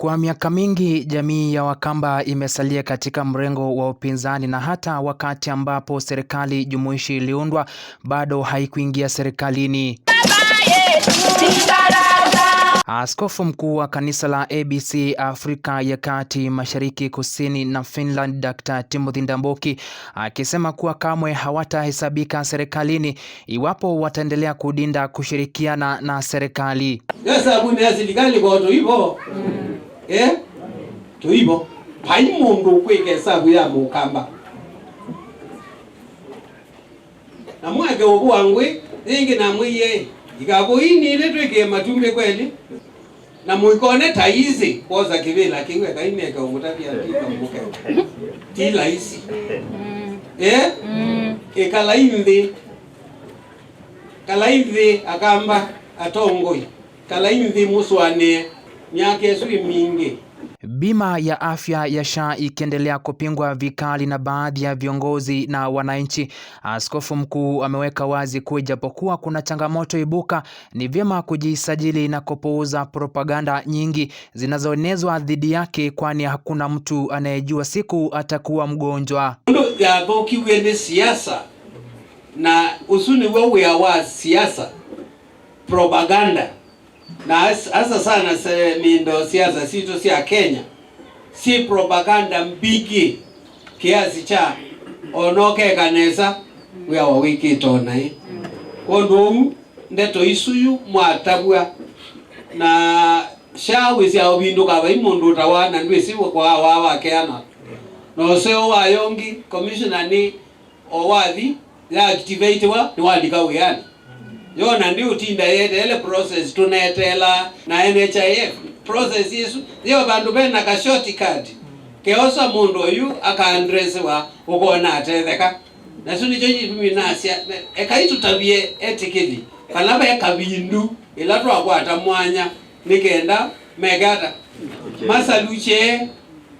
Kwa miaka mingi jamii ya Wakamba imesalia katika mrengo wa upinzani na hata wakati ambapo serikali jumuishi iliundwa bado haikuingia serikalini. Askofu mkuu wa kanisa la ABC Afrika ya Kati, Mashariki, Kusini na Finland, Dr. Timothy Ndambuki akisema kuwa kamwe hawatahesabika serikalini iwapo wataendelea kudinda kushirikiana na serikali. Eh? tuivo pai mũndũ kwika savu ya mũkamba namweke ũvuwa ngwi yingi namwĩei ikavuinilĩtwĩkie matumikweli na mwikone taizi kwoza kivila kikaieketavtilaisi ikalai kalaithĩ akamba atongoi kalaithi muswanĩe myaka esuwi mingi. Bima ya afya ya SHA ikiendelea kupingwa vikali na baadhi ya viongozi na wananchi, askofu mkuu ameweka wazi kuwa ijapokuwa kuna changamoto ibuka, ni vyema kujisajili na kupuuza propaganda nyingi zinazoenezwa dhidi yake, kwani hakuna mtu anayejua siku atakuwa mgonjwa. ndo yako kiwene siasa na usuni wewe wa siasa propaganda na hasa sana ndo siasa situ ya Kenya si propaganda mbigi kiasi cha onoke kanesa wia wawiki tona eh kondu ndeto isuyu mwatabwa na shawi sia windu kaba imundu tawana ndwisi kwa wawa keana noseo wayongi commissioner ni owathi ya activate wa ni wandika wiani yona ndi utinda yete ele process tunetela na NHIF process yesu iyo bandu bena ka card keosa mundu oyu wa ukona atetheka nasia eka itu tabie etikili kana ya kabindu ila twakwata mwanya nikenda megata masaluche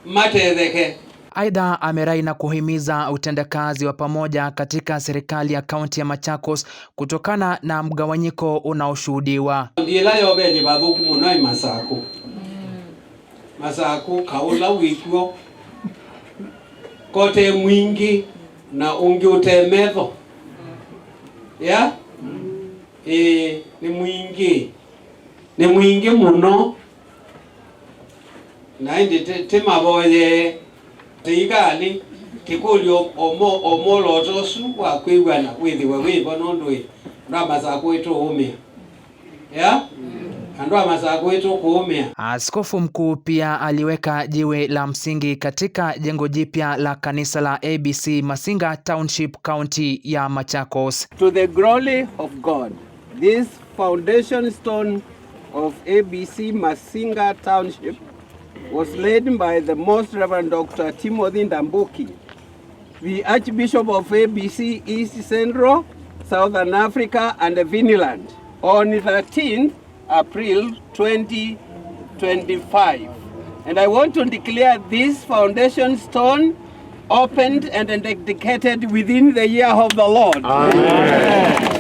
matetheke Aidha, amerai na kuhimiza utendakazi wa pamoja katika serikali ya kaunti ya Machakos kutokana na mgawanyiko unaoshuhudiwa. Masaku kaula wikuo kote mwingi na ungi utemetho yeah? E, ni mwingi ni mwingi muno naindi timavoye tiikali kikuli omo omoloto osu wakwigwana kwithiwe wivo nundu andu amasakwitwe umia yeah? andu amasakwitwe kuumia. Askofu mkuu pia aliweka jiwe la msingi katika jengo jipya la kanisa la ABC Masinga Township, kaunti ya Machakos. To the glory of God, this foundation stone of ABC Masinga Township was led by the Most Reverend Dr. Timothy Ndambuki, the Archbishop of ABC East Central, Southern Africa and Vinland on 13 April 2025. And I want to declare this foundation stone opened and dedicated within the year of the Lord. Amen. Amen.